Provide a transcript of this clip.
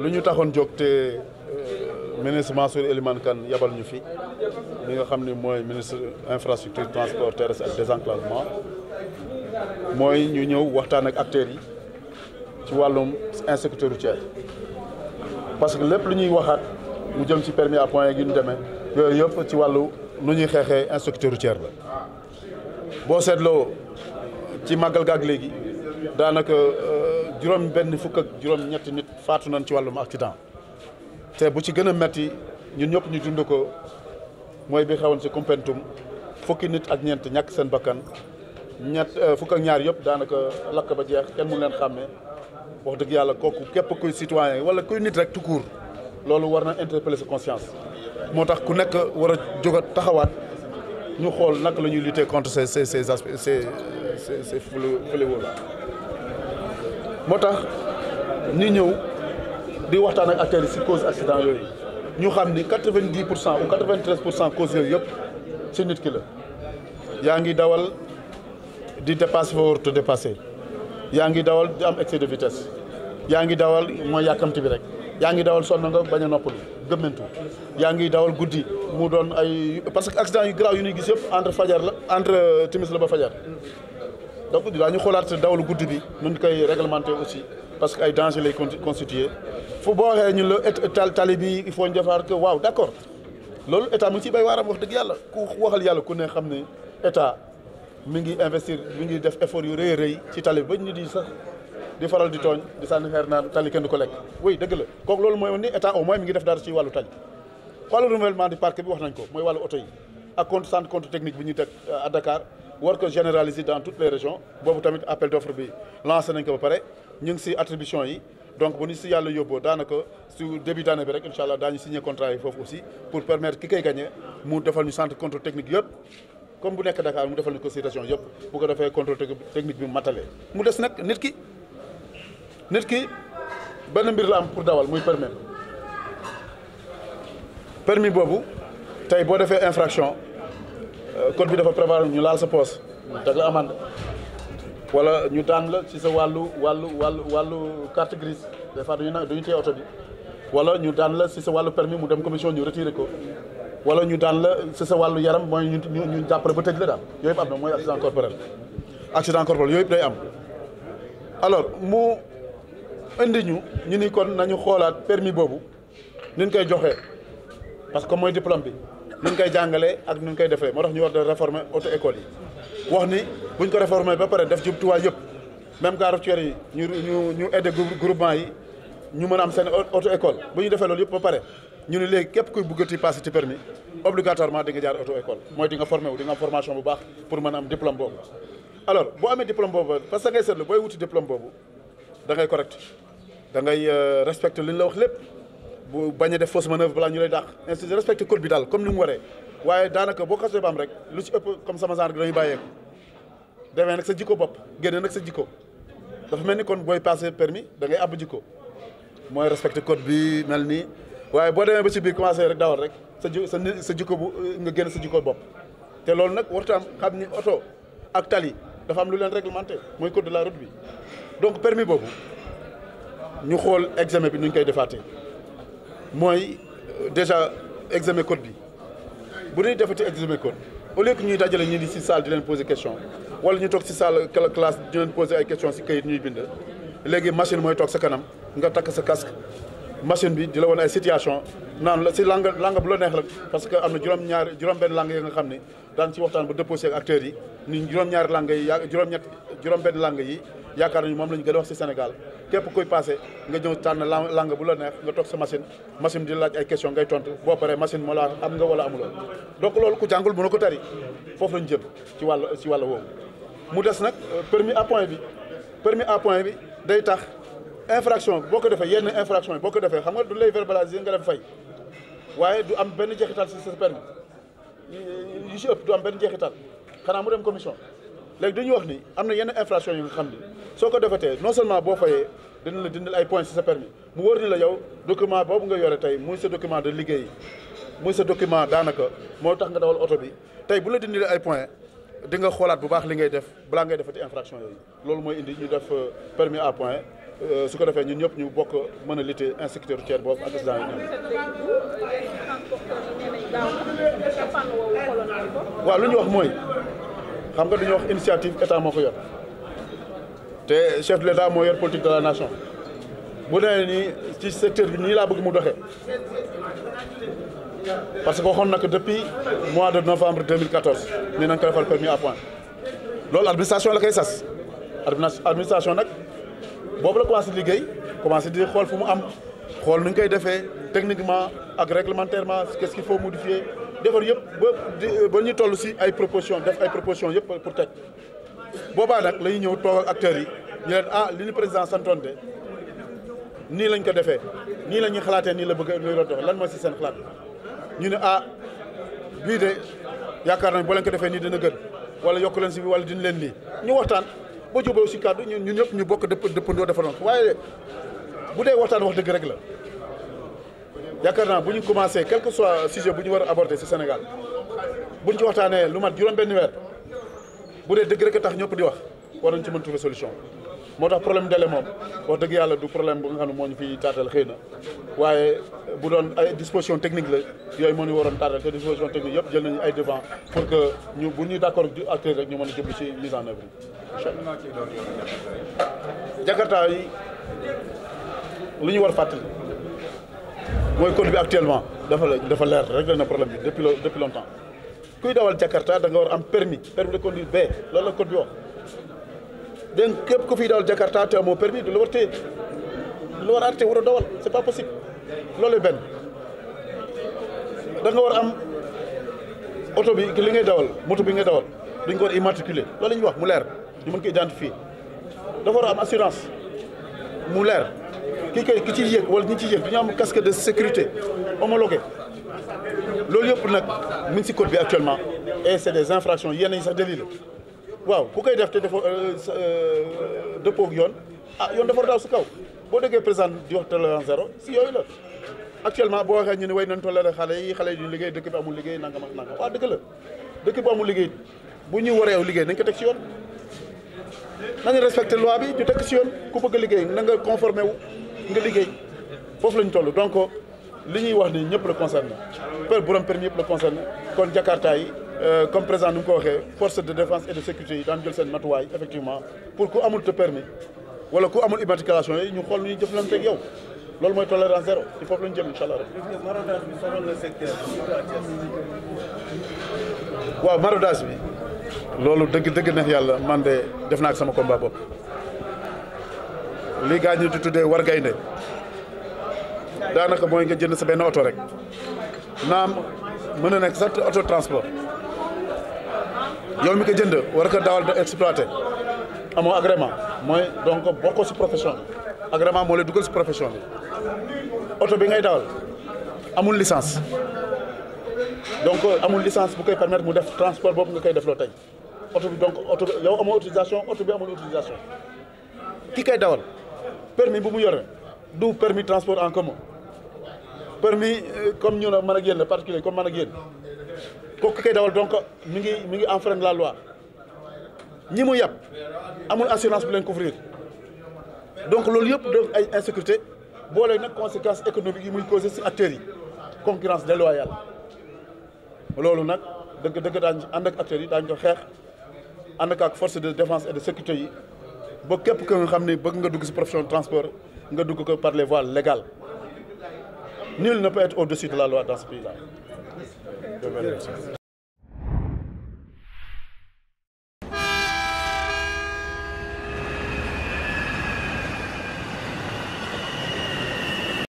lu ñu taxoon jóg te euh, ministre Mansour Elimane Kane yabal ñu fi mi nga xam ne mooy ministre infrastructure transport terrestre ak désenclavement mooy ñu ñëw waxtaan ak acteurs yi ci wàllum insécurité routière parce que lépp lu ñuy waxaat mu jëm ci permis à point yi ñu demee yooyu yëpp ci wàllu nu ñuy xeexee insécurité routière la boo seetloo ci màggal gaag léegi daanaka. Euh, juróom benn fukk ak juróom ñetti nit faatu nañ ci wàllum accident te bu ci gën a metti ñu ñëpp ñu dund ko mooy bi xewoon ci Koumpentoum fukki nit ak ñeent ñàkk seen bakkan ñett fukk ñaar yëpp daanaka lakk ba jeex kenn mënu leen xàmme wax dëgg yàlla kooku képp kuy citoyen wala kuy nit rek tout loolu war na interpeller sa conscience moo tax ku nekk war a jóg taxawaat ñu xool naka la ñuy lutter contre ces ces ces aspects ces ces moo tax ñu ñëw di waxtaan ak acteurs yi si cause accident yooyu ñu xam ni quatre vingt pour cent ou quatre vingt treize pour cent cause yooyu yëpp si nit ki la yaa ngi dawal di dépasse fa warut a dépassé yaa ngi dawal di am excès de vitesse yaa ngi dawal mooy yàkkamti bi rek yaa ngi dawal sonn nga bañ a noppalu gëmmentu yaa ngi dawal guddi mu doon ay parce que accident yu grave yu nuy gis yëpp entre fajar la entre timis la ba fajar donc ñu xoolaat dawal guddi bi nu ñu koy réglementer aussi parce que ay danger lay constituer fu boo waxee ñu la tali bi il faut ñu defaat que waaw d'accord loolu état mu ngi ciy bay waaram dëgg yàlla ku waxal yàlla ku ne xam ne état mi ngi investir mu ngi def effort yu rëy rëy ci tali ba ñu di sax di faral di tooñ di sànni xeer naan tali kenn ko lekk oui dëgg la kooku loolu mooy ni état au moins mi ngi def dara ci wàllu tali wàllu renouvellement du parc bi wax nañ ko mooy wàllu oto yi ak compte centre ñuy teg euh, à war ko généraliser dans toutes les régions boobu tamit appel d'offre bi lancé nañ ko ba pare ñu ngi si attribution yi donc bu nu si yàlla yóbboo daanaka su début d'année bi rek incha allah daañu signé contrat yi foofu aussi pour permettre ki koy gagné mu defal ñu centre contrôle technique yëpp comme bu nekk Dakar mu defal ñu ko si région yëpp bu ko defee contrôle technique bi mu matale mu des nag nit ki nit ki benn mbir la am pour dawal muy permis permis boobu tey boo defee infraction Euh, code bi dafa prévoir ñu laal sa poos teg la amande wala ñu daan la ci sa wàllu wàllu wàllu wàllu carte des fois duñu nag duñu téye oto bi wala ñu daan la si sa wàllu permis mu dem commission ñu retiré ko wala ñu daan la si sa wàllu yaram mooy ñu ñu jàppale ba tëj la daal yooyu yëpp am na mooy accident corporel accident corporel yooyu yëpp day am alors mu indi ñu ñu ni kon nañu xoolaat permis boobu niñ koy joxe parce que mooy diplôme bi nun koy jàngalee ak nun koy defee moo tax ñu war da auto école yi wax ni buñ ko réformer ba pare def jubtuwaay yëpp même carrosserie yi ñu ñu ñu aider yi ñu mën a am seen auto école bu ñu defee loolu yëpp ba pare ñu ne léegi képp kuy bëggati passé ci permis obligatoirement di nga jaar auto école mooy di nga formé wu di nga am formation bu baax pour mën a am diplôme boobu alors boo amee diplôme boobu parce que ngay seetlu booy wuti diplôme boobu da ngay correct da ngay euh, respecté li la wax lépp bu bañ a def fausse manœuvre balaa ñu lay dàq ainsi de bi daal comme ni mu waree waaye daanaka boo xasee ba rek lu ci ëpp comme sama genre dañuy bàyyeeku demee nag sa jikko bopp génne nag sa jikko dafa mel ni kon booy passé permis da ngay àbb jikko mooy respecté code bi mel nii waaye boo demee ba ci biir commencé rek dawal rek sa ji sa sa jikko bu nga génn sa jikko bopp te loolu nag warta am ni oto ak tali dafa am lu leen réglementé mooy code de la route bi donc permis boobu ñu xool examen bi nu ñu koy defaatee mooy euh, déjà examen code bi bu dee defati examen code au lieu que ñuy dajale ñu di si salle di leen poser question wala ñu toog si salle classe di leen poser ay question si kayit ñuy bind léegi machine mooy toog sa kanam nga takk sa casque machine bi di la woon ay situation naan la si langue langue bu la neex la parce que am na juróom-ñaar juróom-benn langue yi nga xam ne daan ci waxtaan ba déposé ak acteurs yi ni juróom-ñaari langue yi juróom-ñett juróom-benn langue yi yaakaar nañu moom la ñu gën wax si Sénégal képp kuy passé nga ñëw tànn langue bu la neex nga toog sa machine machine di laaj ay question ngay tontu boo paree machine moo la am nga wala amuloo donc loolu ku jàngul mën na ko tari foofu lañu ci wàll ci wàll woowu mu des nag euh, permis à point bi permis à point bi day tax infraction boo ko defee yenn infraction yi boo ko defee xam nga du lay verbaliser nga dem fay waaye du am benn jeexital si sa permis yu si ëpp du am benn jeexital xanaa mu dem commission léegi dañuy wax ni am na yenn infraction yu nga xam ne soo ko defatee non seulement boo fayee dina la dindal ay points si sa permis mu wóor ni la yow document boobu nga yore tey muy sa document de liggéey muy sa document daanaka moo tax nga dawal oto bi tey bu la dindalee ay points di nga xoolaat bu baax li ngay def balaa ngay defati infraction yooyu loolu mooy indi ñu def euh, permis à point euh, su ko defee ñun ñëpp ñu bokk mën a lutter insécurité routière boobu ak accident yi waaw lu ñu wax mooy xam nga dañoo wax initiative état moo ko yor te chef de l' état moo yor politique de la nation bu nee ni ci secteur bi nii laa bëgg mu doxee parce que waxoon na ko depuis mois de novembre 2014 nee nañ ko defal permis à point loolu administration la koy sas administration nag boobu la commencé liggéey commencé di xool fu mu am xool nu ñu koy defee techniquement ak réglementairement qu'est-ce qu'il faut modifier defar yëpp ba ba ñu toll si ay proposition def ay proposition yëpp pour teg boobaa nag la ñuy ñëw toog ak acteurs yi ñu ah li ñu président santoon de nii lañ ko defee nii la ñuy xalaatee nii la bëgg luy la lan mooy si seen xalaat ñu ne ah bii de yaakaar nañ bu leen ko defee nii dina gën wala yokk leen si wala dina leen lii ñu waxtaan ba jubóo si kàddu ñun ñëpp ñu bokk dëpp dëppandoo defaroon waaye bu dee waxtaan wax dëgg rek la yaakaar naa bu ñu commencé quel que soit sujet bu ñu war a aborder ci Sénégal buñ ci waxtaanee lu mat juróom-benn weer bu dee dëgg rek tax ñëpp di wax war nañ ci mën trouver solution moo tax problème délai moom wax dëgg yàlla du problème bu nga xam ne moo ñu fiy taatal xëy na waaye bu doon ay disposition technique la yooyu moo ñu waroon taatal te disposition technique yëpp jël nañu ay devant pour que ñu bu ñuy d'accord acteur rek ñu mën a jublu ci mise en œuvre yi. ñu war fàttali. mooy code bi actuellement dafa dafa leer réglé na problème bi depuis depuis longtemps kuy dawal Jakarta da nga war am permis permis de conduire B lool la code bi wax den nga képp ku fiy dawal Jakarta te amoo permis du la war téye du la war arrêté war a dawal c'est pas possible lool benn da war am oto bi li ngay dawal moto bi ngay dawal dañ ko war immatriculé loolu la ñuy wax mu leer ñu mën ko identifier dafa war am assurance mu leer ki koy ki ci yéeg wala ñu ci yéeg dañu am casque de sécurité homologué loolu yëpp nag mu ngi si code actuellement et c'est des infractions yenn sax délit la waaw ku koy def te dafa euh, euh, dëppoo yoon ah yoon dafa daaw si kaw boo déggee président di wax tolérance si yooyu la actuellement boo waxee ñu ne way nañ toléré xale yi xale yi duñ liggéey dëkk bi amul liggéey nanga ak nangam waaw dëgg la dëkk bi amul liggéey bu ñu waree liggéey nañ ko teg si yoon nañu respecté loi bi ñu teg si yoon ku bëgg liggéey na nga conformé wu nga liggéey foofu la ñu toll donc li ñuy wax ni ñëpp la concerné për borom permis yëpp la concerné kon jakarta yi euh, comme président nu ko waxee force de défense et de sécurité yi daan jël seen matuwaay effectivement pour ku amul te permis wala ku amul immatriculation yi ñu xool nu ñuy jëflante ak yow loolu mooy tolérance zéro foofu la ñu jëm incha allah. waaw maraudage bi loolu dëgg dëgg neex yàlla man de def naa sama combat li gaa ñu di tuddee war gaynde daanaka mooy nga jënd sa benn oto rek naam mën na nekk sa oto transport yow mi ko jënd war ko dawal da exploité amoo agrément mooy donc bokkoo si profession bi agrément moo lay dugal si profession bi oto bi ngay dawal amul licence donc amul licence bu koy permettre mu def transport boobu nga koy defloo tey oto bi donc oto bi yow amoo autorisation oto bi amul autorisation ki koy dawal permis bu mu yore du permis transport en commun permis euh, comme ñu man a génn la particulier comme man ak yéen kooku kay dawal donc mi ngi mi ngi enfreindre la loi ñi mu yàpp amul assurance bu leen couvrir donc loolu yëpp donc ay insécurité boole nag conséquences économiques yi muy causé ci acteurs yi concurrence déloyale loolu nag dëgg dëgg daan ànd ak acteurs yi daañu ko xeex ànd ak force de défense et de sécurité yi. ba képp ko nga xam ne bëgg nga dugg si profession de transport nga dugg ko par les voies légales nul ne peut être au-dessus de la loi dans ce pays-là.